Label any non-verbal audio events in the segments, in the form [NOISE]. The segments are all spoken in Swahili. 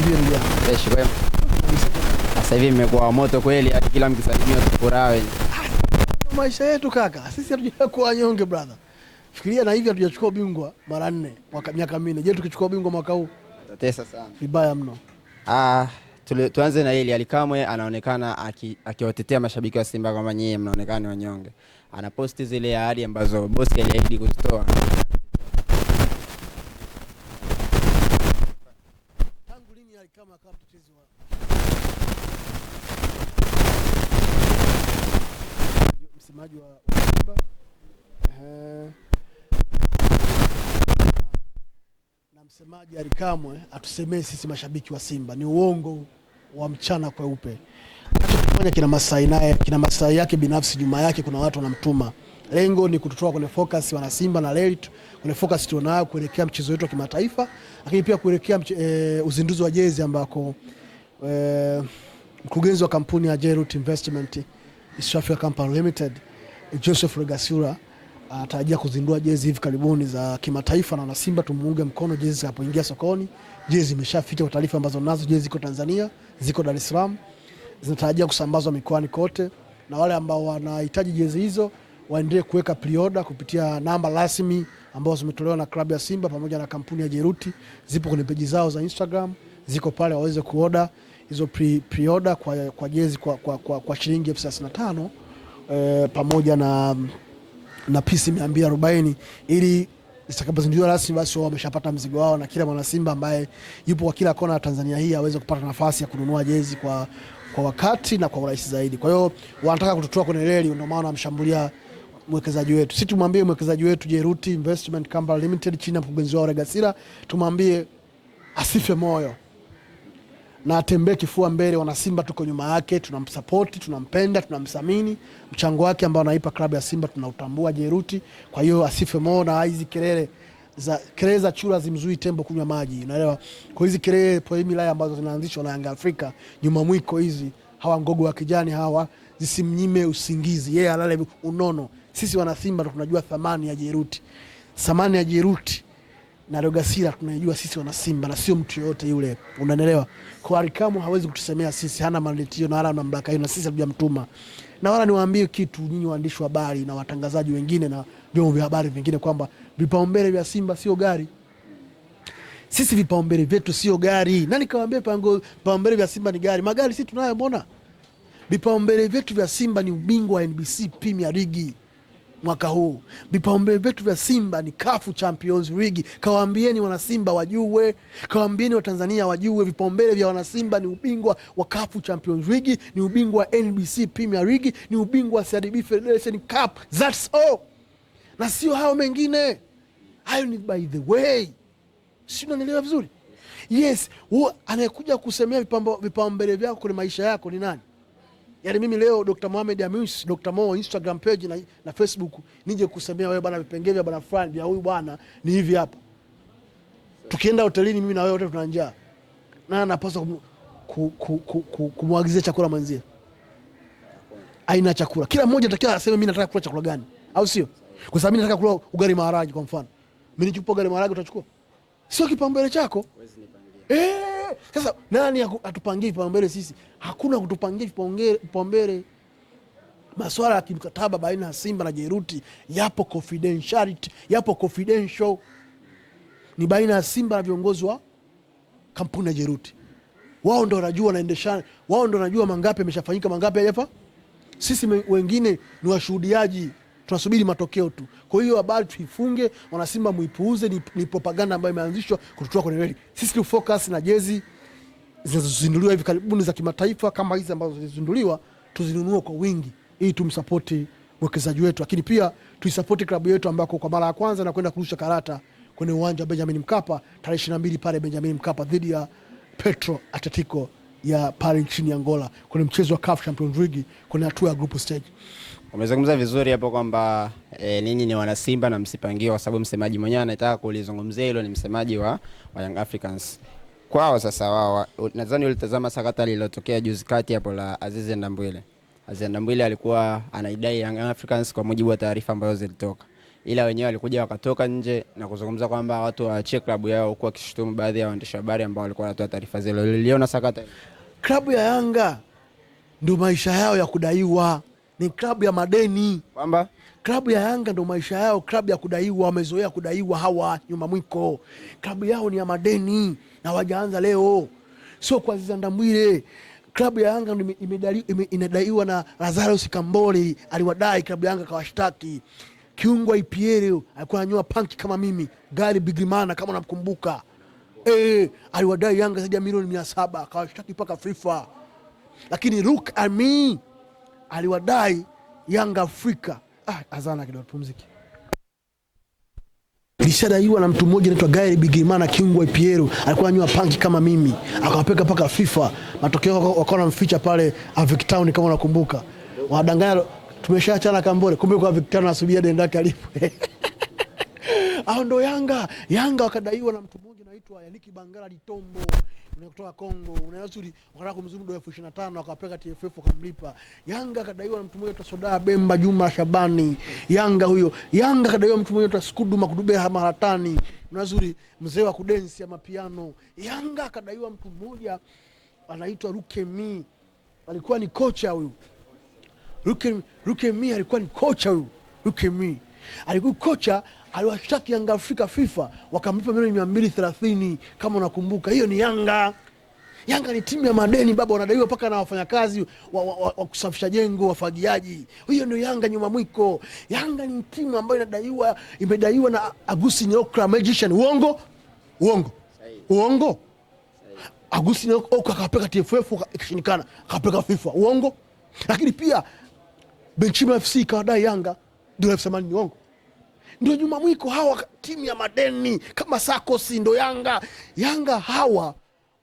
niambie ndugu yangu. Sasa hivi mmekuwa moto kweli, hadi kila mkisalimia Maisha yetu kaka, sisi kuwa nyonge brother. Fikiria na hivi hatujachukua bingwa mara nne mwaka miaka minne. Je, tukichukua ubingwa mwaka huu? sana. Vibaya mno. Ah, tuanze na hili. Alikamwe anaonekana akiwatetea aki mashabiki wa Simba kwamba nyie mnaonekana wanyonge. Anaposti zile ahadi ambazo bosi aliahidi kuzitoa. akawa mtetezi wa msemaji wa Simba na msemaji alikamwe atusemee sisi mashabiki wa Simba ni uongo wa mchana kweupe. Anachofanya kina Masai naye, kina Masai yake binafsi, nyuma yake kuna watu wanamtuma Lengo ni kututoa kwenye focus Simba na Lelit kwenye focus tulionayo kuelekea mchezo wetu wa kimataifa, lakini pia kuelekea e, uzinduzi wa jezi ambako e, mkurugenzi wa kampuni ya Jairut Investment East Africa Company Limited Joseph Regasura anatarajia kuzindua jezi hivi karibuni za kimataifa, na wanasimba tumuunge mkono jezi zinapoingia sokoni. Jezi imeshafika kwa taarifa ambazo nazo, jezi ziko Tanzania, ziko Dar es Salaam, zinatarajia kusambazwa mikoani kote, na wale ambao wanahitaji jezi hizo waendelee kuweka prioda kupitia namba rasmi ambazo zimetolewa na klabu ya Simba pamoja na kampuni ya Jeruti, zipo kwenye peji zao za Instagram, ziko pale waweze kuoda hizo prioda kwa, kwa jezi kwa, kwa, kwa, kwa shilingi elfu thelathini na tano e, pamoja na, na pisi mia mbili arobaini ili zitakapozinduliwa rasmi basi wao wameshapata mzigo wao, na kila mwanasimba ambaye yupo kwa kila kona ya Tanzania hii aweze kupata nafasi ya kununua jezi kwa, kwa wakati na kwa urahisi zaidi. Kwa hiyo wanataka kututoa kwenye reli, ndio maana wamshambulia mwekezaji wetu. Si tumwambie mwekezaji wetu Jeruti Investment Company Limited chini ya mkurugenzi wao Regasira, tumwambie asife moyo na atembee kifua mbele. Wana Simba tuko nyuma yake, tunamsapoti, tunampenda, tunamthamini. Mchango wake ambao anaipa klabu ya Simba tunautambua Jeruti. Kwa hiyo asife moyo, na hizi kelele za kelele za chura zimzui tembo kunywa maji, unaelewa. Kwa hizi kelele poemila ambazo zinaanzishwa na Yanga Afrika nyuma mwiko, hizi hawa ngogo wa kijani hawa zisimnyime usingizi, yeye yeah, alale unono. Sisi wanasimba ndo tunajua thamani ya Jeruti, thamani ya Jeruti na Rogasira tunajua sisi wana Simba na sio mtu yoyote yule, unanielewa? Kwa Arikamu hawezi kutusemea sisi, hana maletio na wala mamlaka hiyo, na sisi hatujamtuma. Na wala niwaambie kitu nyinyi waandishi wa habari na watangazaji wengine na vyombo vya habari vingine kwamba vipaumbele vya Simba sio gari sisi vipaumbele vyetu sio gari. Nani pango vipaumbele vya Simba ni gari? Magari sisi tunayo, mbona? Vipaumbele vyetu vya Simba ni ubingwa wa NBC Premier League mwaka huu. Vipaumbele vyetu vya Simba ni Kafu Champions League. Kawaambieni wanasimba wajue, kawaambieni Watanzania wajue, vipaumbele vya wanasimba ni ubingwa wa Kafu Champions League, ni ubingwa wa NBC Premier League, ni ubingwa wa CRDB Federation Cup. That's all, na sio hayo mengine. Hayo ni by the way, si unanielewa vizuri? Yes, anayekuja kusemea vipaumbele vyako kwenye maisha yako ni nani? Yaani mimi leo Dr. Mohamed Amis, Dr. Mo Instagram page na, na Facebook nije kusemea wewe bwana vipengele vya bwana fulani vya huyu bwana ni hivi hapa. Tukienda hotelini mimi na wewe wote tuna njaa. Na napaswa kumwagizia chakula mwenzie. Aina chakula. Kila mmoja atakiwa aseme mimi nataka kula chakula gani, au sio? Kwa sababu mimi nataka kula ugali maharage kwa mfano. Mimi nichukue ugali maharage utachukua? Sio kipaumbele chako. Eh. Eh, sasa nani atupangie vipaumbele sisi? Hakuna kutupangia vipaumbele. maswala ya kimkataba baina ya Simba na Jeruti yapo confidentiality, yapo confidential, ni baina ya Simba na viongozi wa kampuni ya Jeruti. Wao ndo wanajua naendeshana, wao ndo wanajua mangapi ameshafanyika mangapi hajafa. Sisi wengine ni washuhudiaji tunasubiri matokeo tu. Kwa hiyo habari tuifunge, wanasimba muipuuze, ni, ni propaganda ambayo imeanzishwa kututoa kwenye reli. Sisi tu focus na jezi zinazozinduliwa hivi karibuni za kimataifa kama hizi ambazo zilizinduliwa, tuzinunue kwa wingi ili tumsapoti mwekezaji wetu, lakini pia tuisapoti klabu yetu ambako kwa mara ya kwanza nakwenda kurusha karata kwenye uwanja wa Benjamin Mkapa tarehe ishirini na mbili pale Benjamin Mkapa dhidi ya Petro Atletico ya pale nchini Angola kwenye mchezo wa CAF Champions League kwenye hatua ya group stage. Umezungumza vizuri hapo kwamba e, ninyi ni wana Simba na msipangiwa, kwa sababu msemaji mwenyewe anataka kulizungumzia hilo, ni msemaji wa, wa Young Africans kwao. Sasa wao nadhani ulitazama sakata lililotokea juzi kati hapo la Azizi Ndambwile. Azizi Ndambwile alikuwa anaidai Young Africans kwa mujibu wa taarifa ambazo zilitoka, ila wenyewe walikuja wakatoka nje na kuzungumza kwamba watu waachie klabu yao, huku wakishutumu baadhi ya waandishi wa habari ambao walikuwa wanatoa taarifa zile. Liliona sakata klabu ya Yanga ndio maisha yao ya kudaiwa ni klabu ya madeni kwamba klabu ya Yanga ndo maisha yao, klabu ya kudaiwa, wamezoea kudaiwa hawa nyuma mwiko, klabu yao ni ya madeni na wajaanza leo, sio kwa Aziz Ndambwile. Klabu ya Yanga inadaiwa na Lazarus Kambole, aliwadai klabu ya Yanga kawashtaki kiungwa IPL, alikuwa ananyoa panki kama mimi, gari Bigimana kama unamkumbuka eh, aliwadai Yanga zaidi ya milioni mia saba akawashtaki mpaka FIFA, lakini look at me aliwadai Yanga Afrika. Ah, azana kidogo tupumzike. Ilishadaiwa na mtu mmoja anaitwa Gary Bigimana Kingwa Ipiero, alikuwa anywa panki kama mimi, akawapeka mpaka FIFA. Matokeo wakawa namficha pale Avic Town, kama unakumbuka. Wadanganya tumeshaachana Kambole, kumbe kwa Avic Town anasubia alipo [LAUGHS] au ndo Yanga. Yanga wakadaiwa na mtu mmoja anaitwa Yaniki Bangala Litombo kutoka Kongo, unayosuri wakataka kumzuru dola elfu ishirini na tano akapeleka TFF wakamlipa. Yanga akadaiwa na mtu mmoja Soda Bemba Juma Shabani, Yanga huyo. Yanga akadaiwa mtu mmoja Skudu Makudube Maratani, unazuri mzee wa kudensi ya mapiano. Yanga akadaiwa mtu mmoja anaitwa Rukemi, alikuwa ni kocha huyu Rukemi, Rukemi alikuwa ni kocha huyu Rukemi alikuwa kocha aliwashtaki Yanga Afrika FIFA wakamlipa milioni mia mbili thelathini kama unakumbuka. Hiyo ni Yanga. Yanga ni timu ya madeni baba, wanadaiwa mpaka na wafanyakazi wa, wa, wa, wa kusafisha jengo, wafagiaji. Hiyo ndio Yanga nyuma mwiko. Yanga ni timu ambayo inadaiwa, imedaiwa na Agusi Nyokra magician. Uongo, uongo, uongo. Agusi Nyokra oh, akapeka TFF ikashindikana, akapeka FIFA. Uongo. Lakini pia Benchima FC ikawadai Yanga dola elfu themanini. Uongo ndio nyuma mwiko hawa, timu ya madeni kama sakosi ndo Yanga. Yanga hawa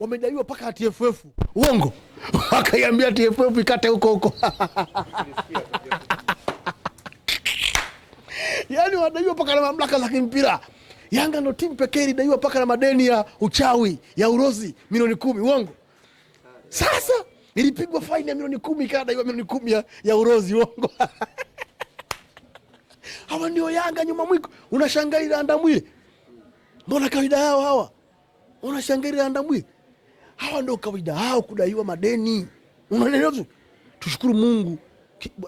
wamedaiwa mpaka TFF, uongo, [LAUGHS] wakaiambia TFF ikate huko huko [LAUGHS] yani wanadaiwa mpaka na mamlaka za kimpira. Yanga ndo timu pekee ilidaiwa mpaka na madeni ya uchawi ya urozi milioni kumi, uongo. Sasa ilipigwa faini ya milioni kumi, ikadaiwa milioni kumi ya, ya urozi, uongo [LAUGHS] hawa ndio Yanga nyuma mwiko, unashangilia Ndambwile. Mbona kawaida yao hawa, unashangilia Ndambwile. Hawa ndio kawaida hao kudaiwa madeni, unaelewa tu. Tushukuru Mungu,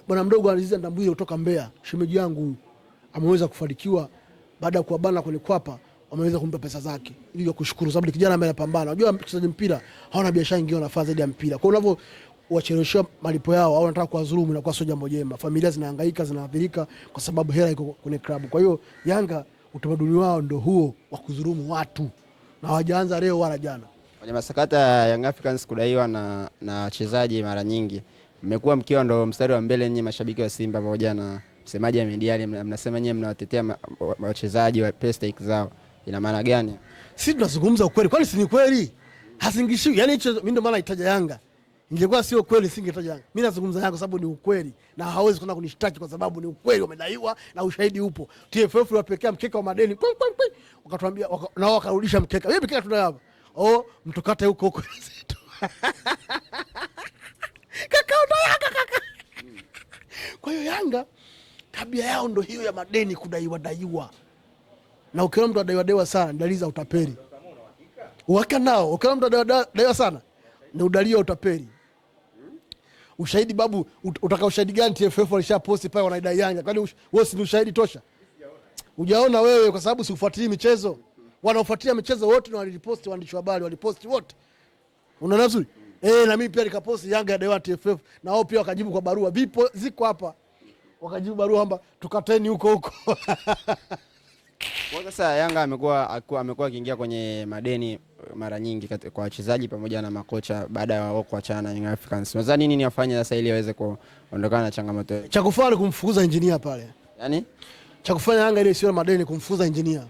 bwana mdogo Aziza Ndambwile kutoka Mbeya, shemeji yangu, ameweza kufanikiwa baada ya kuwabana kwenye kwapa wameweza kumpa pesa zake ili kushukuru, sababu kijana ambaye anapambana. Unajua mchezaji mpira haona biashara ingine, wanafaa zaidi ya mpira, kwa hiyo unavyo wacheleweshiwa malipo yao au wanataka kuwadhulumu, na kwa sio jambo jema. Familia zinahangaika, zinaathirika kwa sababu hela iko kwenye klabu. Kwa hiyo Yanga utamaduni wao ndio huo wa kudhulumu watu, na hawajaanza leo wala jana. Kwenye masakata ya Young Africans kudaiwa na na wachezaji, mara nyingi mmekuwa mkiwa ndo mstari wa mbele nyinyi mashabiki wa Simba pamoja na msemaji wa media, mnasema nyinyi mnawatetea wachezaji wa pestake zao, ina maana gani? Sisi tunazungumza ukweli, kwani si ni kweli? Hasingishiwi, yani mimi ndo maana itaja Yanga Ingekuwa sio kweli singetaja Yanga. Mimi nazungumza Yanga kwa sababu ni ukweli na hawezi kwenda kunishtaki kwa sababu ni ukweli, wamedaiwa na ushahidi upo. TFF wapekea mkeka wa madeni. Wakatuambia na wakarudisha mkeka. Wewe mkeka tunao hapa. Oh, mtukate huko huko zetu. [LAUGHS] Kaka ndo Yanga kaka. Kwa hiyo Yanga tabia yao ndo hiyo ya madeni kudaiwa daiwa. Na ukiona mtu adaiwa daiwa sana, dalili za utapeli. Uhakika nao, ukiona mtu adaiwa daiwa sana, ni udalili utapeli ushahidi babu, utaka ushahidi gani? TFF walisha posti pale, wanaidai Yanga, kwani wewe si ushahidi tosha? Ujaona wewe, kwa sababu siufuatilii michezo. Wanaofuatilia michezo wote na waliposti, waandishi wa habari waliposti wote, unaona vizuri eh, na mimi pia nikaposti Yanga ya yadaiwa TFF, na wao pia wakajibu kwa barua, vipo ziko hapa, wakajibu barua kwamba tukateni huko huko [LAUGHS] Kwa sasa Yanga amekuwa amekuwa akiingia kwenye madeni mara nyingi kwa wachezaji pamoja na makocha baada ya wao kuachana na Young Africans. Nadhani nini afanye sasa ili aweze kuondokana na changamoto hiyo? Cha kufanya ni kumfukuza engineer pale. Yaani? Cha kufanya Yanga ile sio madeni kumfukuza engineer.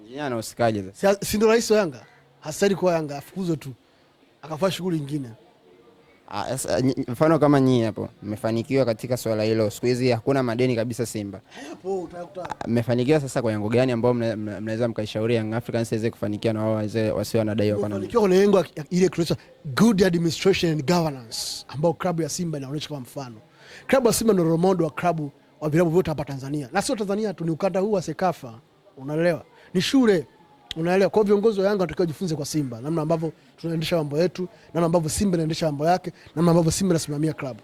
Engineer anahusikaje sasa? Si ndio rais wa Yanga? Hastahili kwa Yanga afukuzwe tu. Akafanya shughuli nyingine. Ah, eh, mfano kama nyie hapo mmefanikiwa katika swala hilo, siku hizi hakuna madeni kabisa Simba. Mmefanikiwa sasa kwa yango gani ambao mnaweza mkaishauri Young Africans iweze kufanikia na wao wasio wanadaiwa kwa nani? Kwa lengo ile good administration and governance ambao klabu ya Simba inaonyesha kama mfano. Klabu ya Simba ni role model wa klabu wa vilabu vyote hapa Tanzania. Na sio Tanzania tu, ni ukanda huu wa Sekafa. Unaelewa? Ni shule Unaelewa? Kwa viongozi wa Yanga wanatakiwa jifunze kwa Simba namna ambavyo tunaendesha mambo yetu, namna ambavyo Simba inaendesha mambo yake, namna ambavyo Simba inasimamia klabu.